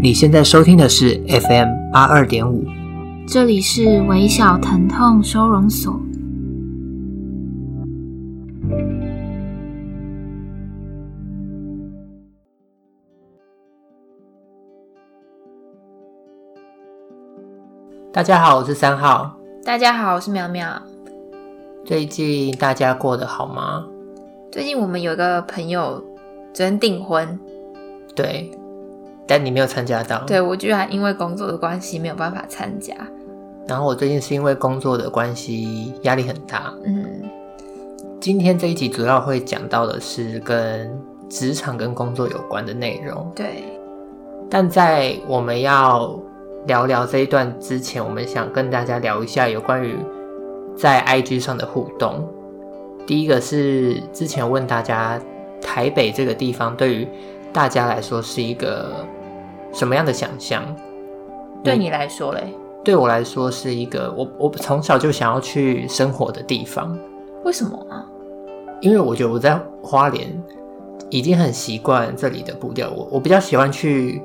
你現在收聽的是 FM 八二點五，這裡是微小疼痛收容所。大家好，我是三號。大家好，我是苗苗。最近大家過得好嗎？最近我們有一個朋友，昨天訂婚，對，但你沒有參加到，對，我居然因為工作的關係沒有辦法參加。然後我最近是因為工作的關係壓力很大。嗯，今天這一集主要會講到的是跟職場跟工作有關的內容。對，但在我們要聊聊這一段之前，我們想跟大家聊一下有關於在 IG 上的互動。第一個是之前問大家，台北這個地方對於大家來說是一個什麼樣的想象？對你來說嘞？對我來說是一個我，我我從小就想要去生活的地方。為什麼啊？因為我覺得我在花蓮已經很習慣這裡的步調，我我比較喜歡去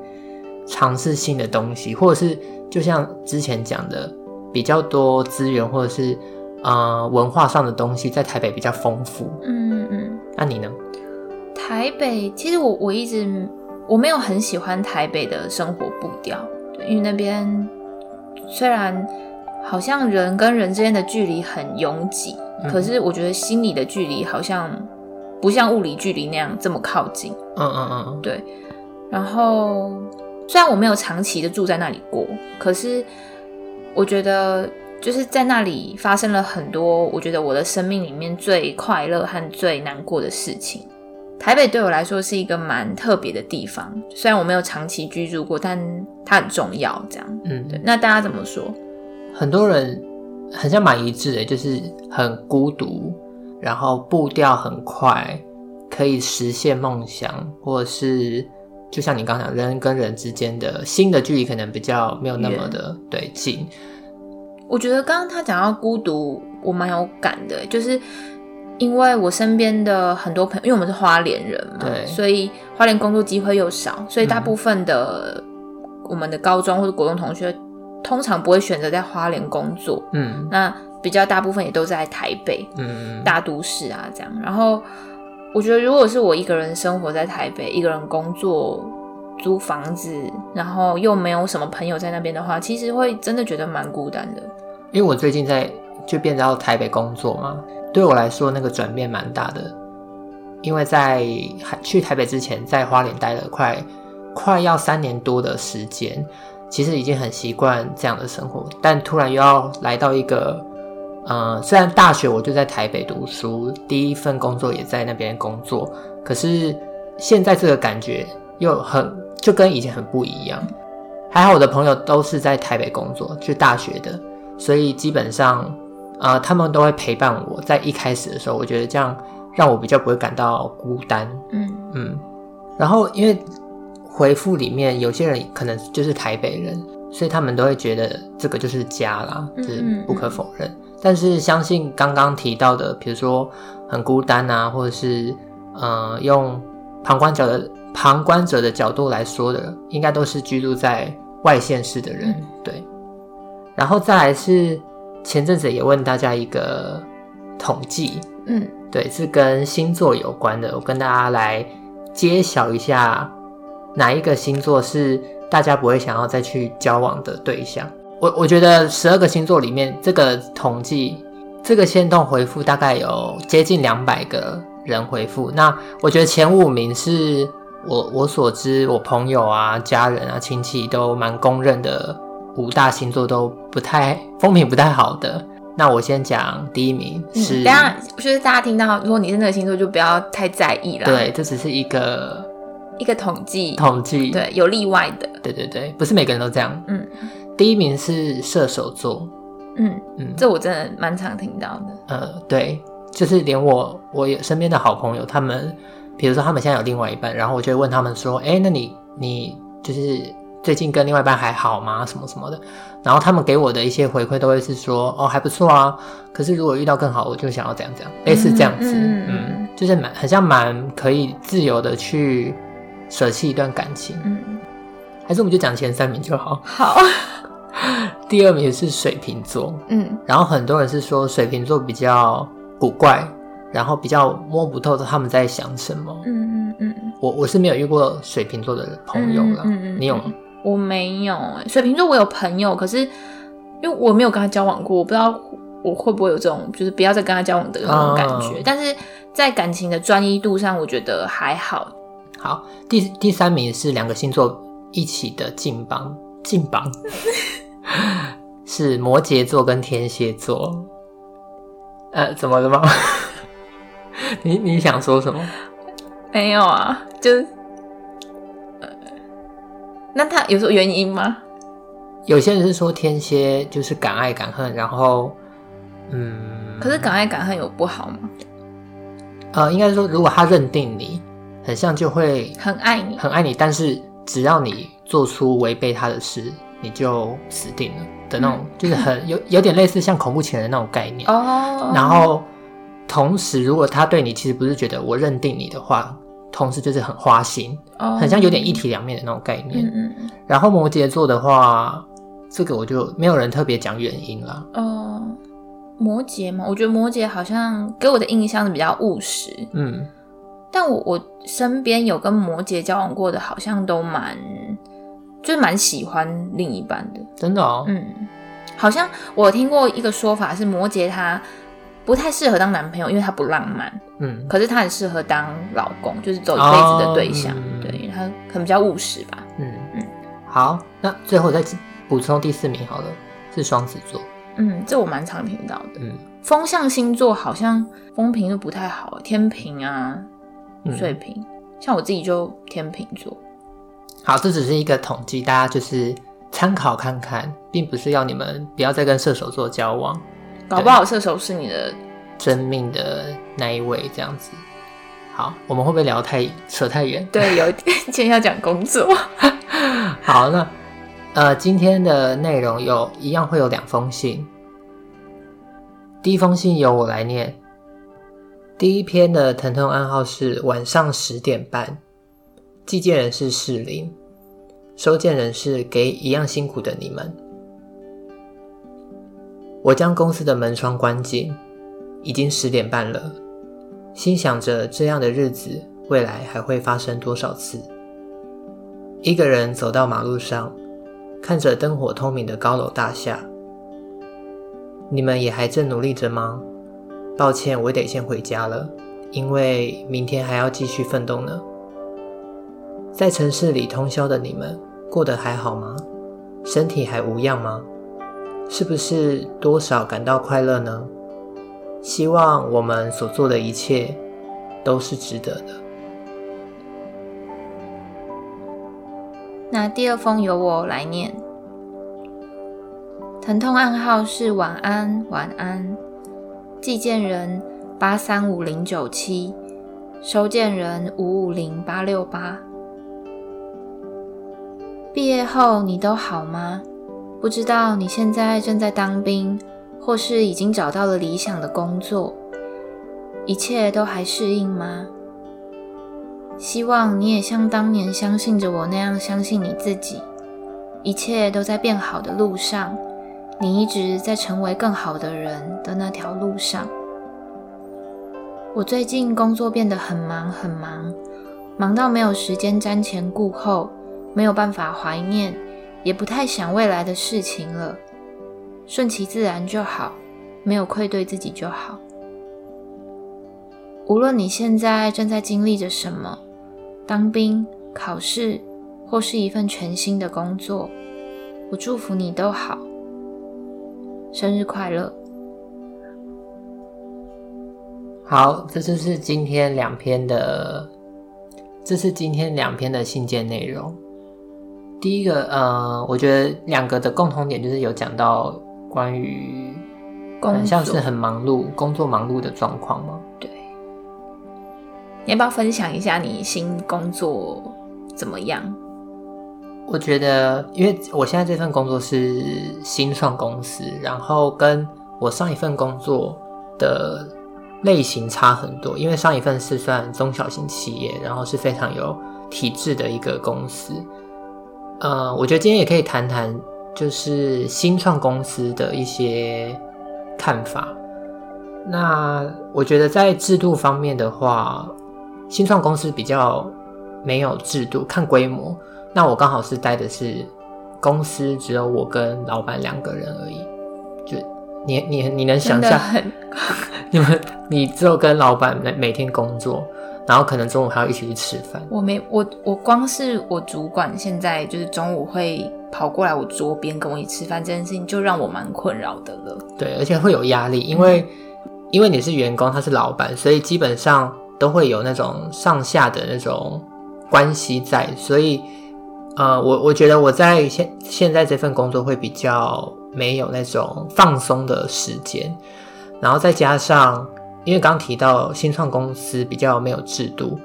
嘗試新的東西，或者是就像之前講的，比較多資源或者是。啊、呃，文化上的東西在台北比較豐富。嗯嗯，嗯，那你呢？台北其實我我一直我沒有很喜歡台北的生活步調，因為那邊雖然好像人跟人之間的距離很擁擠，嗯、可是我覺得心理的距離好像不像物理距離那樣這麼靠近。嗯嗯嗯，嗯嗯對。然後雖然我沒有長期的住在那裡過，可是我覺得。就是在那裡發生了很多，我覺得我的生命裡面最快樂和最難過的事情。台北對我來說是一個蠻特別的地方，雖然我沒有長期居住過，但它很重要。這樣，嗯，對。那大家怎麼說？很多人很像蠻一致的，就是很孤獨，然後步調很快，可以實現夢想，或者是就像你剛講，人跟人之間的心的距離可能比較沒有那麼的對勁。我覺得剛剛他講到孤獨，我蠻有感的，就是因為我身邊的很多朋友，因為我們是花蓮人嘛，對所以花蓮工作機會又少，所以大部分的我們的高中或者國中同學，嗯、通常不會選擇在花蓮工作。嗯，那比較大部分也都在台北，嗯，大都市啊這樣。然後我覺得如果是我一個人生活在台北，一個人工作，租房子，然後又沒有什麼朋友在那邊的話，其實會真的覺得蠻孤單的。因為我最近在就變到台北工作嘛，對我來說那個轉變蠻大的。因為在去台北之前，在花蓮待了快快要三年多的時間，其實已經很習慣這樣的生活。但突然又要來到一個，嗯、呃，雖然大學我就在台北讀書，第一份工作也在那邊工作，可是現在這個感覺又很就跟以前很不一樣。還好我的朋友都是在台北工作，就大學的。所以基本上，啊、呃，他們都會陪伴我。在一開始的時候，我覺得這樣讓我比較不會感到孤單。嗯嗯。然後，因為回復裡面有些人可能就是台北人，所以他們都會覺得這個就是家啦，就是不可否認。嗯嗯嗯，但是相信剛剛提到的，比如說很孤單啊，或者是嗯、呃，用旁觀者的旁觀者的角度來說的，應該都是居住在外縣市的人，嗯、對。然後再來是前陣子也問大家一個統計，嗯，對，是跟星座有關的。我跟大家來揭曉一下，哪一個星座是大家不會想要再去交往的對象？我我覺得十二個星座裡面，這個統計，這個線動回覆大概有接近兩百個人回覆。那我覺得前五名是我我所知，我朋友啊、家人啊、親戚都蠻公認的。五大星座都不太風評不太好的，那我先講第一名是。大家就是大家聽到，如果你是那個星座，就不要太在意了。對，這只是一個一個統計，統計，對有例外的。對對對，不是每個人都這樣。嗯，第一名是射手座。嗯嗯，嗯這我真的蠻常聽到的，嗯。呃，對，就是連我我有身邊的好朋友，他們比如說他們現在有另外一半，然後我就會問他們說：“哎，那你你就是？”最近跟另外一半還好嗎？什麼什麼的，然後他們給我的一些回饋都會是說，哦還不錯啊。可是如果遇到更好，我就想要怎樣怎樣，嗯、類似這樣子，嗯，嗯就是蠻，很像蠻可以自由的去捨棄一段感情。嗯，還是我們就講前三名就好。好， 第二名是水瓶座。嗯，然後很多人是說水瓶座比較古怪，然後比較摸不透他們在想什麼。嗯嗯嗯，嗯我我是沒有遇過水瓶座的朋友了、嗯。嗯嗯，你有嗎？嗯我沒有哎、欸，水瓶座我有朋友，可是因為我沒有跟他交往過，我不知道我會不會有這種，就是不要再跟他交往的那種感覺。嗯、但是在感情的專一度上，我覺得還好。好，第第三名是兩個星座一起的勁幫勁幫，是摩羯座跟天蠍座。呃，怎麼了嗎？ 你你想說什麼？沒有啊，就是。那他有什麼原因嗎？有些人是說天蠍就是敢愛敢恨，然後，嗯，可是敢愛敢恨有不好嗎？呃，應該說，如果他認定你，很像就會很愛你，很愛你，但是只要你做出違背他的事，你就死定了的那種，嗯、就是很有有點類似像恐怖情人那種概念哦。Oh. 然後同時，如果他對你其實不是覺得我認定你的話。同時就是很花心，oh, okay. 很像有點一體兩面的那種概念。嗯，嗯然後摩羯座的話，這個我就沒有人特別講原因了。哦、呃，摩羯嘛，我覺得摩羯好像給我的印象比較務實。嗯。但我我身邊有跟摩羯交往過的，好像都蠻，就是蠻喜歡另一半的。真的哦，嗯。好像我聽過一個說法是摩羯他。不太適合當男朋友，因為他不浪漫。嗯，可是他很適合當老公，就是走一輩子的對象。哦嗯、對他，可能比較務實吧。嗯嗯。嗯好，那最後再補充第四名好了，是雙子座。嗯，這我蠻常聽到的。嗯，風象星座好像風評都不太好，天秤啊、水瓶，嗯、像我自己就天秤座。好，這只是一個統計，大家就是參考看看，並不是要你們不要再跟射手座交往。搞不好射手是你的對真命的那一位，這樣子。好，我們會不會聊太扯太遠？對，有一點，今天要講工作。 好，那呃，今天的內容有一樣會有兩封信。第一封信由我來念。第一篇的疼痛暗號是晚上十點半，寄件人是士，士林，收件人是給一樣辛苦的你們。我將公司的門窗關緊，已經十點半了，心想着這樣的日子未來還會發生多少次？一個人走到馬路上，看着燈火通明的高樓大廈，你們也還正努力着嗎？抱歉，我得先回家了，因為明天還要繼續奮鬥呢。在城市裡通宵的你們，過得還好嗎？身體還無恙嗎？是不是多少感到快樂呢？希望我們所做的一切都是值得的。那第二封由我來念。疼痛暗號是晚安，晚安。寄件人八三五零九七，收件人五五零八六八。畢業後你都好嗎？不知道你現在正在當兵，或是已經找到了理想的工作，一切都還適應嗎？希望你也像當年相信着我那樣相信你自己，一切都在變好的路上，你一直在成為更好的人的那條路上。我最近工作變得很忙很忙，忙到沒有時間瞻前顧後，沒有辦法懷念。也不太想未來的事情了，順其自然就好，沒有愧對自己就好。無論你現在正在經歷着什麼，當兵、考試，或是一份全新的工作，我祝福你都好。生日快樂！好，這就是今天兩篇的，這是今天兩篇的信件內容。第一個，呃、嗯，我覺得兩個的共同點就是有講到關於很像是很忙碌工作、工作忙碌的狀況嗎？對，你要不要分享一下你新工作怎麼樣？我覺得，因為我現在這份工作是新創公司，然後跟我上一份工作的類型差很多，因為上一份是算中小型企業，然後是非常有體制的一個公司。呃，我覺得今天也可以談談，就是新創公司的一些看法。那我覺得在制度方面的話，新創公司比較沒有制度，看規模。那我剛好是待的是公司，只有我跟老闆兩個人而已。就你你你能想象，的 你們你只有跟老闆每，每天工作。然後可能中午還要一起去吃飯。我沒我我光是我主管現在就是中午會跑過來我桌邊跟我一起吃飯，這件事情就讓我蠻困擾的了。對，而且會有壓力，因為，嗯，因為你是員工，他是老闆，所以基本上都會有那種上下的那種關係在。所以呃，我我覺得我在現現在這份工作會比較沒有那種放鬆的時間，然後再加上。因為剛提到新創公司比較沒有制度，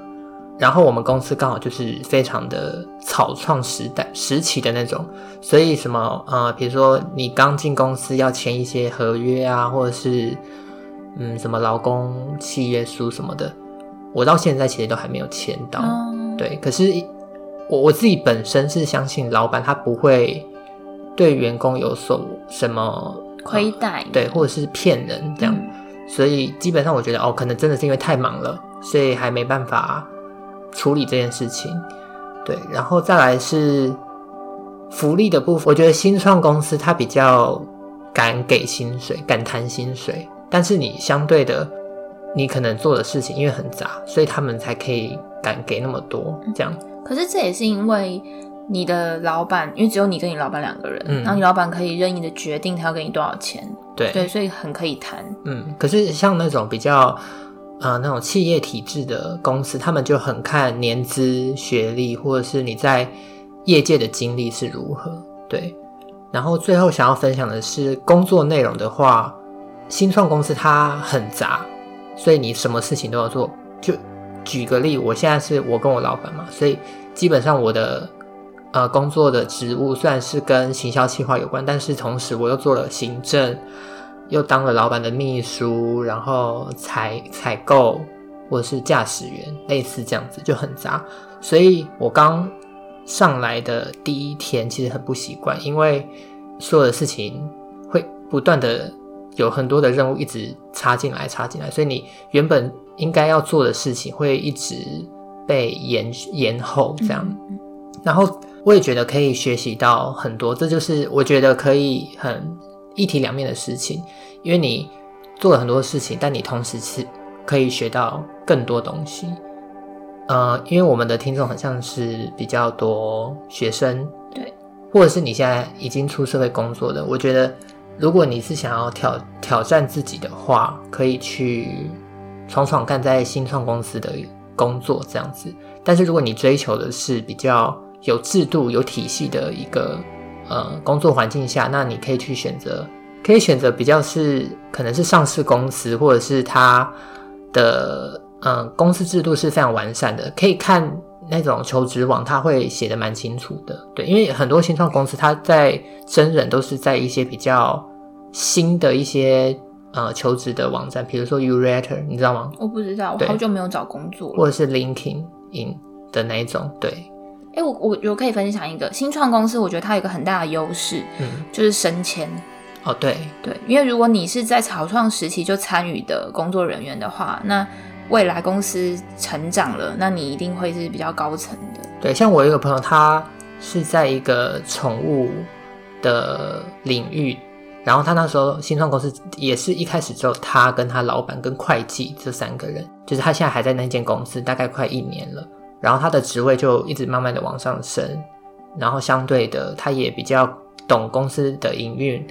然後我們公司剛好就是非常的草創時代時期的那種，所以什麼呃，比如說你剛進公司要簽一些合約啊，或者是嗯什麼勞工契約書什麼的，我到現在其實都還沒有簽到。嗯、對，可是我我自己本身是相信老闆他不會對員工有所什麼虧待，呃、帶對，或者是騙人這樣。嗯所以基本上，我覺得哦，可能真的是因為太忙了，所以還沒辦法處理這件事情。對，然後再來是福利的部分。我覺得新創公司它比較敢給薪水，敢談薪水，但是你相對的，你可能做的事情因為很雜，所以他們才可以敢給那麼多這樣。可是這也是因為。你的老闆，因為只有你跟你老闆兩個人，嗯，然後你老闆可以任意的決定他要給你多少錢，對，所以很可以談。嗯，可是像那種比較啊，呃，那種企業體制的公司，他們就很看年資、學歷，或者是你在業界的經歷是如何。對，然後最後想要分享的是工作內容的話，新創公司它很雜，所以你什麼事情都要做。就舉個例，我現在是我跟我老闆嘛，所以基本上我的。呃，工作的職務雖然是跟行銷企劃有關，但是同時我又做了行政，又當了老闆的秘書，然後採採購或者是駕駛員，類似這樣子就很雜。所以我剛上來的第一天其實很不習慣，因為所有的事情會不斷的有很多的任務一直插進來、插進來，所以你原本應該要做的事情會一直被延延後這樣。嗯嗯然後我也覺得可以學習到很多，這就是我覺得可以很一體兩面的事情，因為你做了很多事情，但你同時是可以學到更多東西。呃，因為我們的聽眾好像是比較多學生，對，或者是你現在已經出社會工作的，我覺得如果你是想要挑挑戰自己的話，可以去闖闖幹在新創公司的工作這樣子。但是如果你追求的是比較有制度、有體系的一個呃工作環境下，那你可以去選擇，可以選擇比較是可能是上市公司或者是它的嗯、呃、公司制度是非常完善的，可以看那種求職網，他會寫得蠻清楚的。對，因為很多新創公司，他在徵人都是在一些比較新的一些呃求職的網站，比如說 Yourator，你知道嗎？我不知道，對我好久沒有找工作，或者是 LinkedIn 的那一種，對。哎，我我我可以分享一個新創公司，我覺得它有一個很大的優勢，嗯，就是升遷。哦，對對，因為如果你是在草創時期就參與的工作人員的話，那未來公司成長了，嗯，那你一定會是比較高層的。對，像我有一個朋友，他是在一個寵物的領域，然後他那時候新創公司也是一開始只有他跟他老板跟會計這三個人，就是他現在還在那間公司，大概快一年了。然後他的職位就一直慢慢的往上升，然後相對的他也比較懂公司的營運，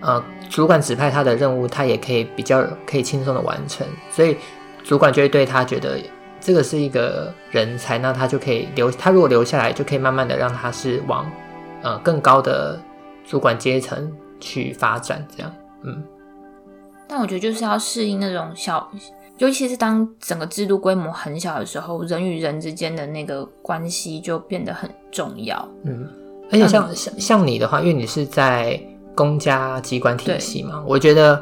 呃，主管指派他的任務，他也可以比較可以輕鬆的完成，所以主管就會對他覺得這個是一個人才，那他就可以留，他如果留下來就可以慢慢的讓他是往呃更高的主管階層去發展，這樣，嗯，但我覺得就是要適應那種小。尤其是當整個制度規模很小的時候，人與人之間的那個關係就變得很重要。嗯，而且像像像你的話，因為你是在公家機關體系嘛，對我覺得，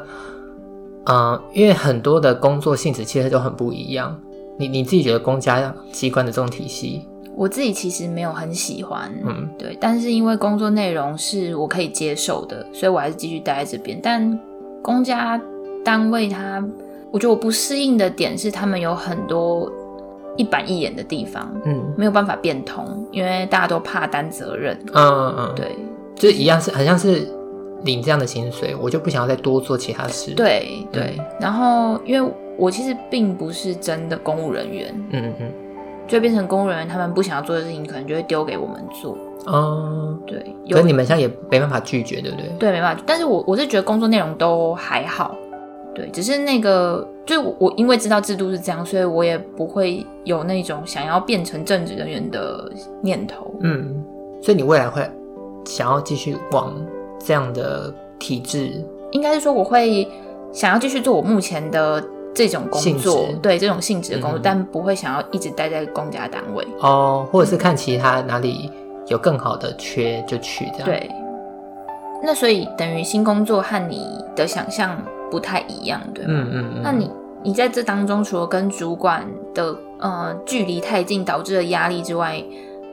嗯、呃，因為很多的工作性質其實都很不一樣。你你自己覺得公家機關的這種體系，我自己其實沒有很喜歡。嗯，對，但是因為工作內容是我可以接受的，所以我還是繼續待在這邊。但公家單位它。我覺得我不適應的點是，他們有很多一板一眼的地方，嗯，沒有辦法變通，因為大家都怕擔責任，嗯嗯嗯，嗯嗯對，是就一樣是，好像是領這樣的薪水，我就不想要再多做其他事，對對、嗯、對。然後，因為我其實並不是真的公務人員，嗯嗯嗯，嗯就變成公務人員，他們不想要做的事情，可能就會丟給我們做，哦、嗯，對，跟你們現在也沒辦法拒絕，對不對？對，沒辦法。但是我我是覺得工作內容都還好。對，只是那個，就我，我因為知道制度是這樣，所以我也不會有那種想要變成正職人員的念頭。嗯，所以你未來會想要繼續往這樣的體制，應該是說我會想要繼續做我目前的這種工作，性質，對這種性質的工作，嗯、但不會想要一直待在公家單位哦，oh, 或者是看其他哪裡有更好的缺就去這樣。嗯、對，那所以等於新工作和你的想象，不太一樣，對嗎？嗯嗯嗯。嗯那你你在這當中，除了跟主管的呃距離太近導致的壓力之外，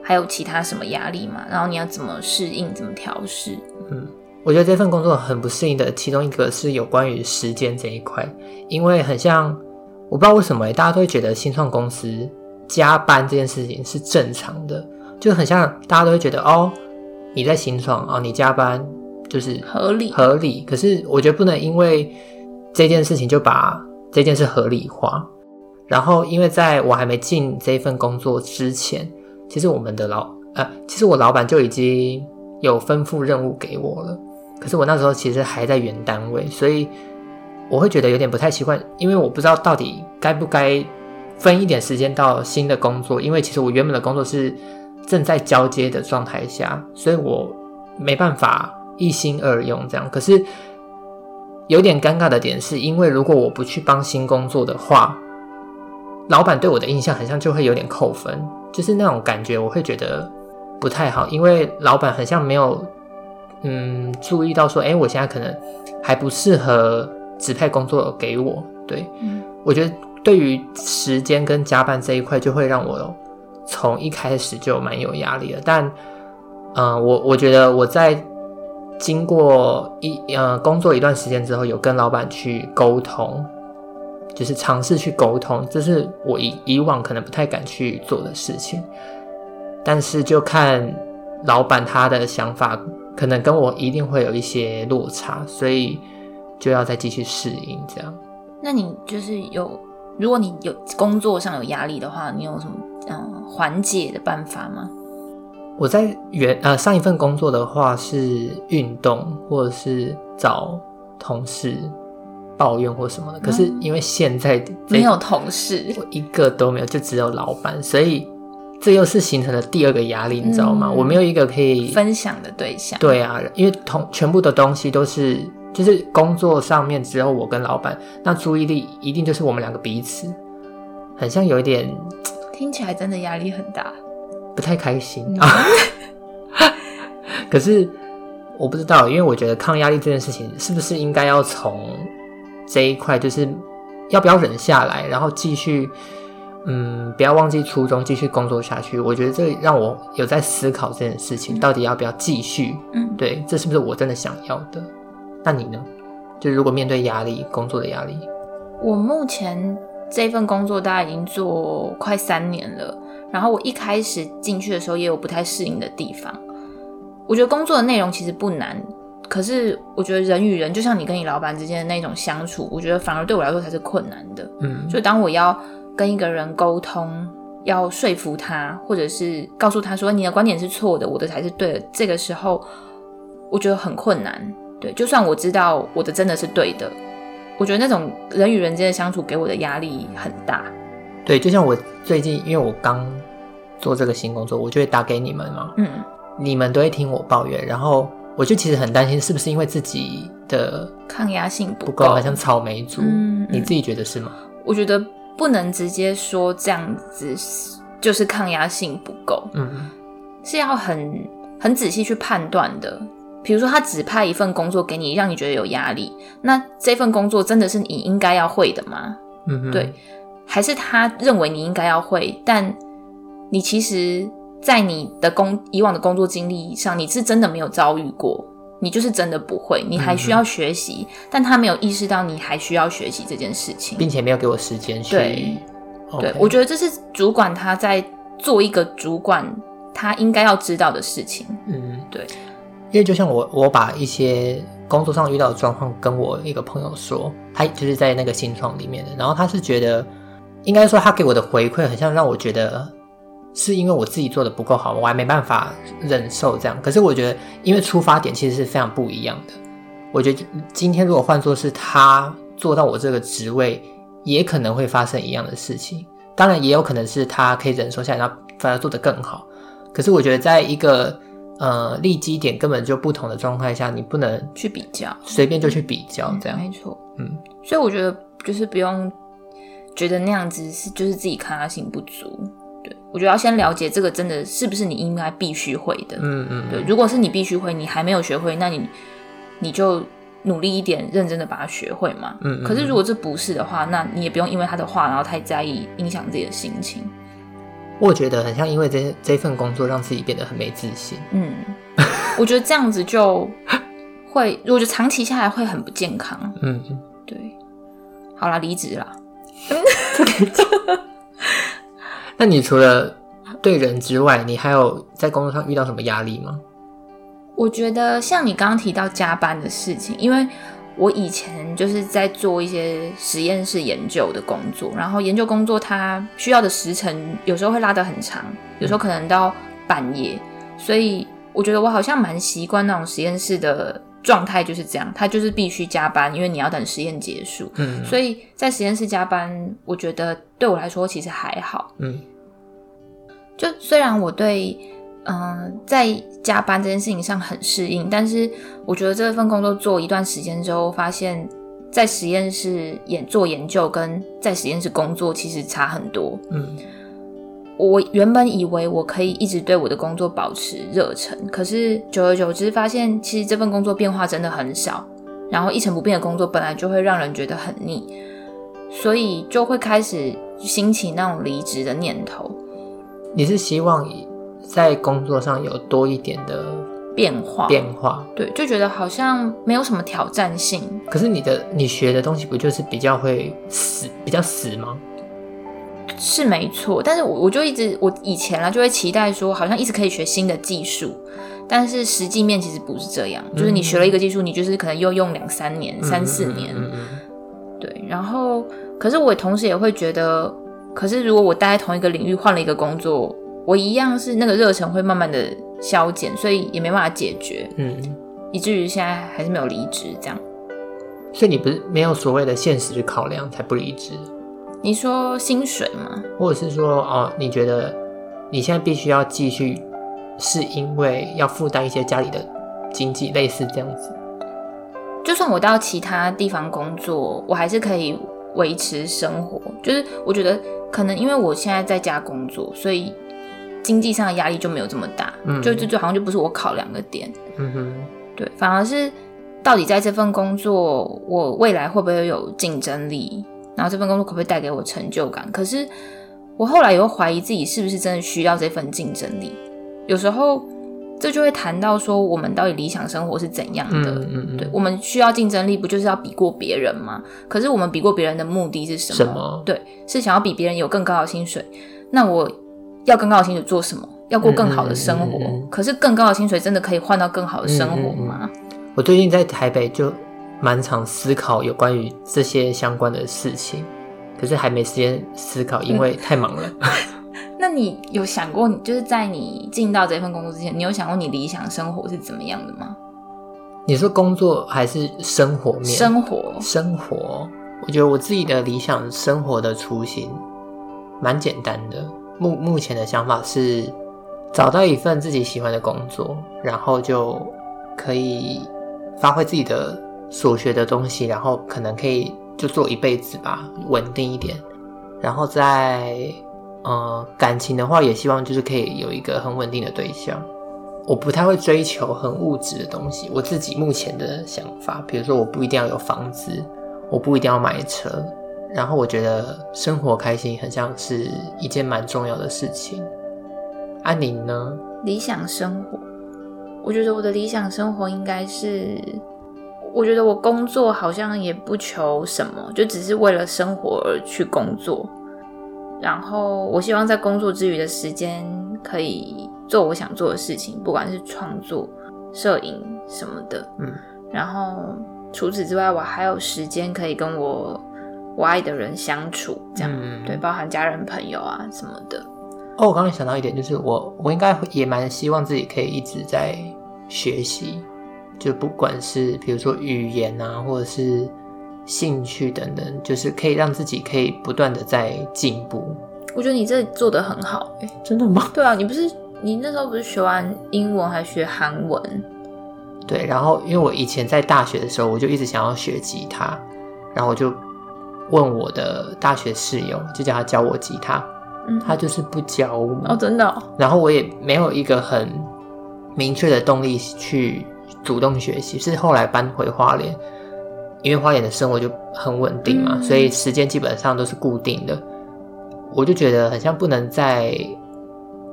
還有其他什麼壓力嗎？然後你要怎麼適應，怎麼調適？嗯，我覺得這份工作很不適應的，其中一個是有關於時間這一塊，因為很像，我不知道為什麼、欸、大家都會覺得新創公司加班這件事情是正常的，就很像大家都會覺得哦，你在新創啊，你加班。就是合理合理，可是我覺得不能因為這件事情就把這件事合理化。然後，因為在我還沒進這份工作之前，其實我們的老呃，其實我老闆就已經有吩咐任務給我了。可是我那時候其實還在原單位，所以我會覺得有點不太習慣，因為我不知道到底該不該分一點時間到新的工作，因為其實我原本的工作是正在交接的狀態下，所以我沒辦法。一心二用這樣，可是有點尷尬的點是，因為如果我不去幫新工作的話，老闆對我的印象好像就會有點扣分，就是那種感覺，我會覺得不太好，因為老闆好像沒有嗯注意到說，哎，我現在可能還不適合指派工作給我。對，嗯、我覺得對於時間跟加班這一塊，就會讓我從一開始就蠻有壓力的。但嗯、呃，我我覺得我在。經過一呃工作一段時間之後，有跟老闆去溝通，就是嘗試去溝通，這是我以以往可能不太敢去做的事情。但是就看老闆他的想法，可能跟我一定會有一些落差，所以就要再繼續適應這樣。那你就是有，如果你有工作上有壓力的話，你有什麼嗯、呃、緩解的辦法嗎？我在原呃上一份工作的話是運動，或者是找同事抱怨或什麼的。嗯、可是因為現在沒有同事，我一個都沒有，就只有老闆，所以這又是形成了第二個壓力，你知道嗎？嗯、我沒有一個可以分享的對象。對啊，因為同全部的東西都是就是工作上面只有我跟老闆，那注意力一定就是我們兩個彼此，很像有一點聽起來真的壓力很大。不太開心啊，可是我不知道，因為我覺得抗壓力這件事情是不是應該要從這一塊，就是要不要忍下來，然後繼續，嗯，不要忘記初衷，繼續工作下去。我覺得這讓我有在思考這件事情，嗯、到底要不要繼續？嗯，對，這是不是我真的想要的？那你呢？就如果面對壓力，工作的壓力，我目前這份工作大概已經做快三年了。然後我一開始進去的時候也有不太適應的地方。我覺得工作的內容其實不難，可是我覺得人與人，就像你跟你老闆之間的那種相處，我覺得反而對我來說才是困難的。嗯，就當我要跟一個人溝通，要說服他，或者是告訴他說你的觀點是錯的，我的才是對的，這個時候我覺得很困難。對，就算我知道我的真的是對的，我覺得那種人與人之間的相處給我的壓力很大。對，就像我最近，因為我剛。做這個新工作，我就會打給你們嘛、啊。嗯，你們都會聽我抱怨，然後我就其實很擔心，是不是因為自己的抗壓性不夠，好像草莓族，嗯嗯、你自己覺得是嗎？我覺得不能直接說這樣子就是抗壓性不夠，嗯，是要很很仔細去判斷的。比如說，他只派一份工作給你，讓你覺得有壓力，那這份工作真的是你應該要會的嗎？嗯哼，對，還是他認為你應該要會，但。你其實，在你的工以往的工作經歷上，你是真的沒有遭遇過，你就是真的不會，你還需要學習。嗯、哼但他沒有意識到你還需要學習這件事情，並且沒有給我時間去。對，Okay 對我覺得這是主管他在做一個主管他應該要知道的事情。嗯，對，因為就像我，我把一些工作上遇到的狀況跟我一個朋友說，他就是在那個新創裡面的，然後他是覺得，應該說他給我的回饋，很像讓我覺得。是因為我自己做的不夠好，我還沒辦法忍受這樣。可是我覺得，因為出發點其實是非常不一樣的。我覺得今天如果換作是他做到我這個職位，也可能會發生一樣的事情。當然，也有可能是他可以忍受下來，然後反而做的更好。可是我覺得，在一個呃立基點根本就不同的狀態下，你不能去比較，隨便就去比較這樣。嗯嗯，沒錯，嗯。所以我覺得就是不用覺得那樣子是就是自己抗壓性不足。我覺得要先了解這個真的是不是你應該必須會的。嗯嗯。嗯對，如果是你必須會，你還沒有學會，那你你就努力一點，認真的把它學會嘛。嗯。可是如果這不是的話，那你也不用因為他的話，然後太在意，影響自己的心情。我覺得很像因為這這份工作讓自己變得很沒自信。嗯。 我覺得這樣子就會，我覺得長期下來會很不健康。嗯，對。好啦，離職啦。 那你除了對人之外，你還有在工作上遇到什麼壓力嗎？我覺得像你剛剛提到加班的事情，因為我以前就是在做一些實驗室研究的工作，然後研究工作它需要的時辰有時候會拉得很長，是有時候可能到半夜，所以我覺得我好像蠻習慣那種實驗室的狀態就是這樣，他就是必須加班，因為你要等實驗結束。嗯嗯。所以在實驗室加班，我覺得對我來說其實還好。嗯，就雖然我對嗯、呃、在加班這件事情上很適應，但是我覺得這份工作做一段時間之後，發現，在實驗室做研究跟在實驗室工作其實差很多。嗯。我原本以為我可以一直對我的工作保持熱忱，可是久而久之發現，其實這份工作變化真的很少。然後一成不變的工作本來就會讓人覺得很膩，所以就會開始興起那種離職的念頭。你是希望在工作上有多一點的變化？變化？對，就覺得好像沒有什麼挑戰性。可是你的你學的東西不就是比較會死，比較死嗎？是沒錯，但是我我就一直我以前啦，就會期待說，好像一直可以學新的技術，但是實際面其實不是這樣，嗯嗯，就是你學了一個技術，你就是可能又用兩三年、嗯嗯嗯嗯嗯，三四年，對。然後，可是我同時也會覺得，可是如果我待在同一個領域換了一個工作，我一樣是那個熱忱會慢慢的消減，所以也沒辦法解決，嗯，以至於現在還是沒有離職這樣。所以你不是沒有所謂的現實去考量才不離職？你說薪水嗎？或者是說，哦，你覺得你現在必須要繼續，是因為要負擔一些家裡的經濟，類似這樣子？就算我到其他地方工作，我還是可以維持生活。就是我覺得可能因為我現在在家工作，所以經濟上的壓力就沒有這麼大。嗯，就就就好像就不是我考量的點。嗯哼，對，反而是到底在這份工作，我未來會不會有競爭力？然後這份工作可不可以帶給我成就感？可是我後來也會懷疑自己是不是真的需要這份競爭力。有時候這就會談到說，我們到底理想生活是怎樣的？嗯嗯嗯。嗯嗯對，我們需要競爭力，不就是要比過別人嗎？可是我們比過別人的目的是什麼？什麼？對，是想要比別人有更高的薪水。那我要更高的薪水做什麼？要過更好的生活。嗯嗯嗯嗯，可是更高的薪水真的可以換到更好的生活嗎？嗯嗯嗯，我最近在台北就。蠻常思考有關於這些相關的事情，可是還沒時間思考，因為太忙了。 那你有想過，就是在你進到這份工作之前，你有想過你理想生活是怎麼樣的嗎？你說工作還是生活面？生活，生活。我覺得我自己的理想生活的雛形蠻簡單的。目目前的想法是找到一份自己喜歡的工作，然後就可以發揮自己的。所學的東西，然後可能可以就做一輩子吧，穩定一點。然後在，呃、嗯，感情的話，也希望就是可以有一個很穩定的對象。我不太會追求很物質的東西，我自己目前的想法，比如說我不一定要有房子，我不一定要買車。然後我覺得生活開心，很像是一件蠻重要的事情。安、啊、妮呢？理想生活，我覺得我的理想生活應該是。我覺得我工作好像也不求什麼，就只是為了生活而去工作。然後我希望在工作之餘的時間可以做我想做的事情，不管是創作、攝影什麼的。嗯。然後除此之外，我還有時間可以跟我我愛的人相處，這樣、嗯、對，包含家人、朋友啊什麼的。哦，我剛剛想到一點，就是我我應該也蠻希望自己可以一直在學習。就不管是比如說語言啊，或者是興趣等等，就是可以讓自己可以不斷地在進步。我覺得你這做得很好。欸，真的嗎？對啊，你不是你那時候不是學完英文還學韓文？對，然後因為我以前在大學的時候，我就一直想要學吉他，然後我就問我的大學室友，就叫他教我吉他，嗯，他就是不教我，哦，真的哦？然後我也沒有一個很明確的動力去主動學習是後來搬回花蓮，因為花蓮的生活就很穩定嘛，所以時間基本上都是固定的。我就覺得很像，不能在，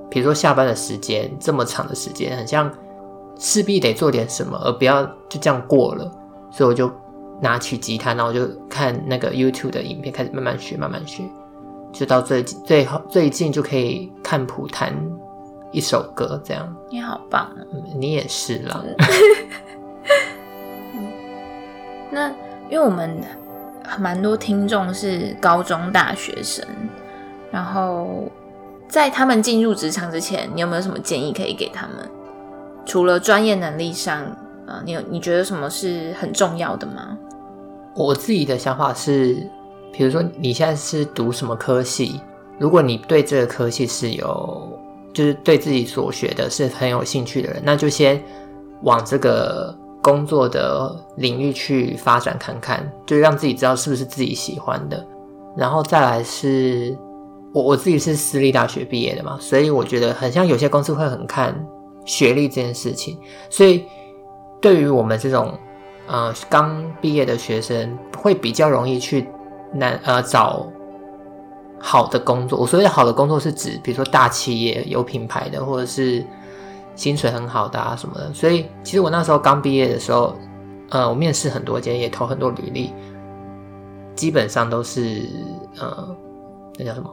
比如說下班的時間這麼長的時間，很像勢必得做點什麼，而不要就這樣過了。所以我就拿起吉他，然後就看那個 YouTube 的影片，開始慢慢學，慢慢學，就到最最後最近就可以看譜彈一首歌，這樣。你好棒！嗯，你也是啦。真的 嗯，那因為我們蠻多聽眾是高中大學生，然後在他們進入職場之前，你有沒有什麼建議可以給他們？除了專業能力上，呃，你有你覺得什麼是很重要的嗎？我自己的想法是，比如說你現在是讀什麼科系，如果你對這個科系是有。就是對自己所學的是很有興趣的人，那就先往這個工作的領域去發展看看，就讓自己知道是不是自己喜歡的。然後再來是我我自己是私立大學畢業的嘛，所以我覺得很像有些公司會很看學歷這件事情，所以對於我們這種呃剛畢業的學生，會比較容易去難呃找好的工作，我所謂的好的工作是指，比如說大企業有品牌的，或者是薪水很好的啊什麼的。所以其實我那時候剛畢業的時候，呃，我面試很多間，也投很多履歷，基本上都是呃，那叫什麼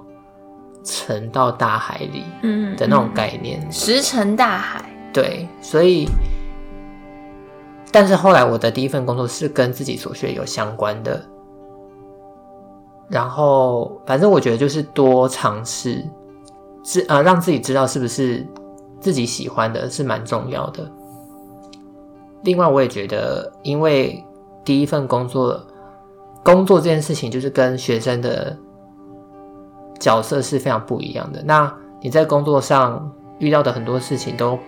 沉到大海裡，嗯的那種概念，嗯嗯、石沉大海。對，所以，但是後來我的第一份工作是跟自己所學有相關的。然後，反正我覺得就是多嘗試，是，啊讓自己知道是不是自己喜歡的，是蠻重要的。另外，我也覺得，因為第一份工作，工作這件事情就是跟學生的角色是非常不一樣的。那你在工作上遇到的很多事情，都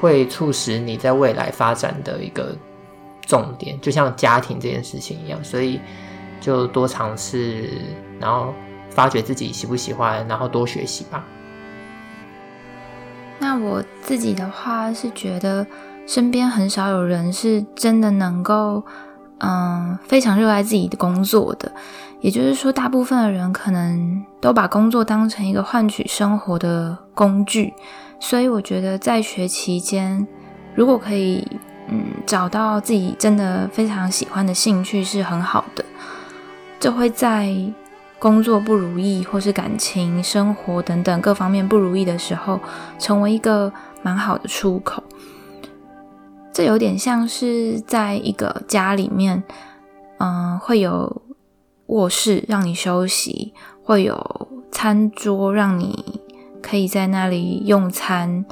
會促使你在未來發展的一個重點，就像家庭這件事情一樣，所以。就多嘗試，然後發覺自己喜不喜歡，然後多學習吧。那我自己的話是覺得，身邊很少有人是真的能夠，嗯，非常熱愛自己的工作的。也就是說，大部分的人可能都把工作當成一個換取生活的工具。所以我覺得，在學期間，如果可以，嗯，找到自己真的非常喜歡的興趣是很好的。這會在工作不如意，或是感情、生活等等各方面不如意的時候，成為一個蠻好的出口。這有點像是在一個家裡面，嗯、呃，會有臥室讓你休息，會有餐桌讓你可以在那裡用餐，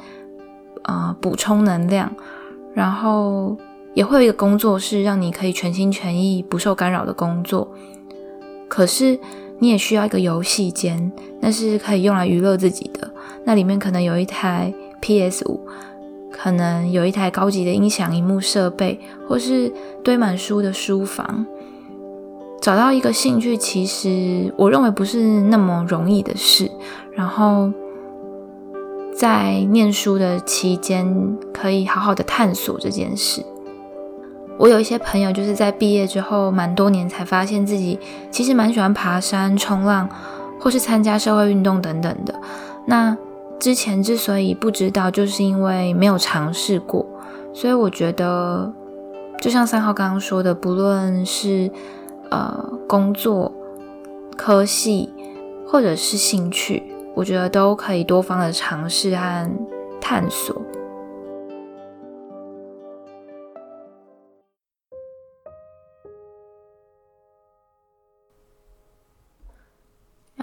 呃，補充能量，然後也會有一個工作室讓你可以全心全意、不受干擾的工作。可是，你也需要一個遊戲間，那是可以用來娛樂自己的。那裡面可能有一台 PS5，可能有一台高級的音響、熒幕設備，或是堆滿書的書房。找到一個興趣，其實我認為不是那麼容易的事。然後，在念書的期間，可以好好的探索這件事。我有一些朋友，就是在畢業之後蠻多年才發現自己其實蠻喜歡爬山、衝浪，或是參加社會運動等等的。那之前之所以不知道，就是因為沒有嘗試過。所以我覺得，就像三號剛剛說的，不論是呃工作、科系，或者是興趣，我覺得都可以多方的嘗試和探索。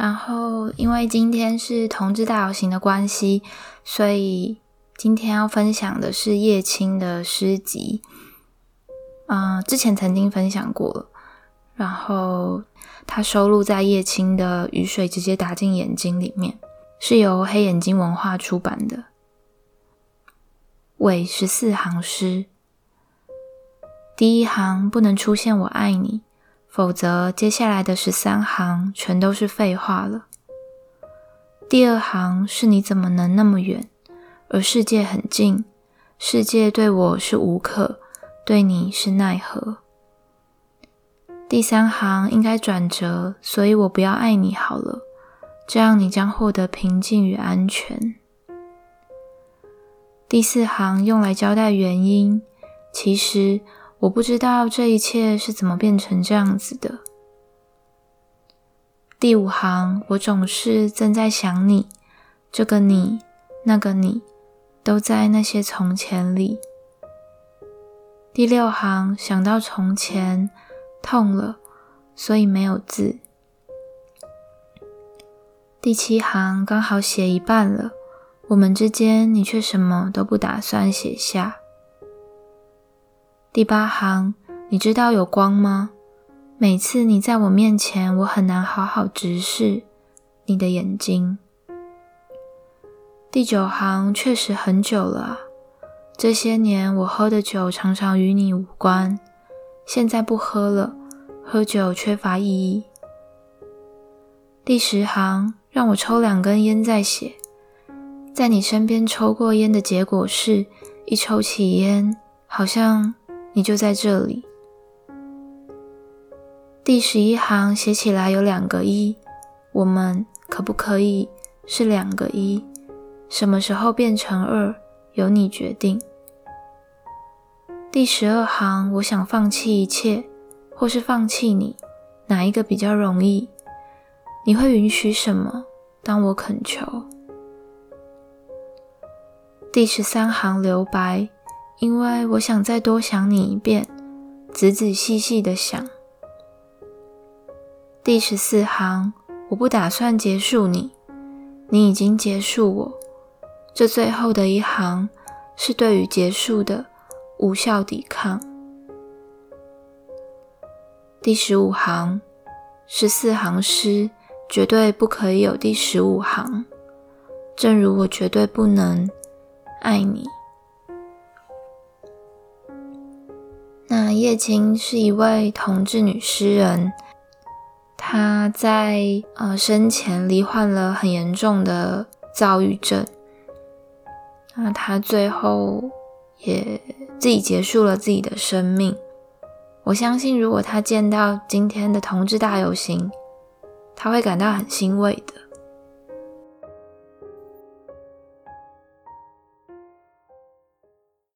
然後，因為今天是同志大遊行的關係，所以今天要分享的是葉青的詩集。嗯，之前曾經分享過，然後它收錄在葉青的《雨水直接打進眼睛》裡面，是由黑眼睛文化出版的。偽十四行詩，第一行不能出現“我愛你”。否則，接下來的十三行全都是廢話了。第二行是你怎麼能那麼遠，而世界很近，世界對我是無可，對你是奈何。第三行應該轉折，所以我不要愛你好了，這樣你將獲得平靜與安全。第四行用來交代原因，其實，我不知道這一切是怎麼變成這樣子的。第五行，我總是正在想你，這個你，那個你，都在那些從前裡。第六行，想到從前，痛了，所以沒有字。第七行，剛好寫一半了，我們之間，你卻什麼都不打算寫下。第八行，你知道有光嗎？每次你在我面前，我很難好好直視你的眼睛。第九行，確實很久了啊，這些年我喝的酒常常與你無關，現在不喝了，喝酒缺乏意義。第十行，讓我抽兩根煙再寫，在你身邊抽過煙的結果是，一抽起煙，好像。你就在這裡。第十一行寫起來有兩個一，我們可不可以是兩個一？什麼時候變成二，由你決定。第十二行，我想放棄一切，或是放棄你，哪一個比較容易？你會允許什麼？當我懇求。第十三行，留白。因為我想再多想你一遍，仔仔細細的想。第十四行，我不打算結束你，你已經結束我。這最後的一行，是對於結束的無效抵抗。第十五行，十四行詩，絕對不可以有第十五行，正如我絕對不能愛你。那葉青是一位同志女詩人，她在呃生前罹患了很嚴重的躁鬱症，那她最後也自己結束了自己的生命。我相信，如果她見到今天的同志大遊行，她會感到很欣慰的。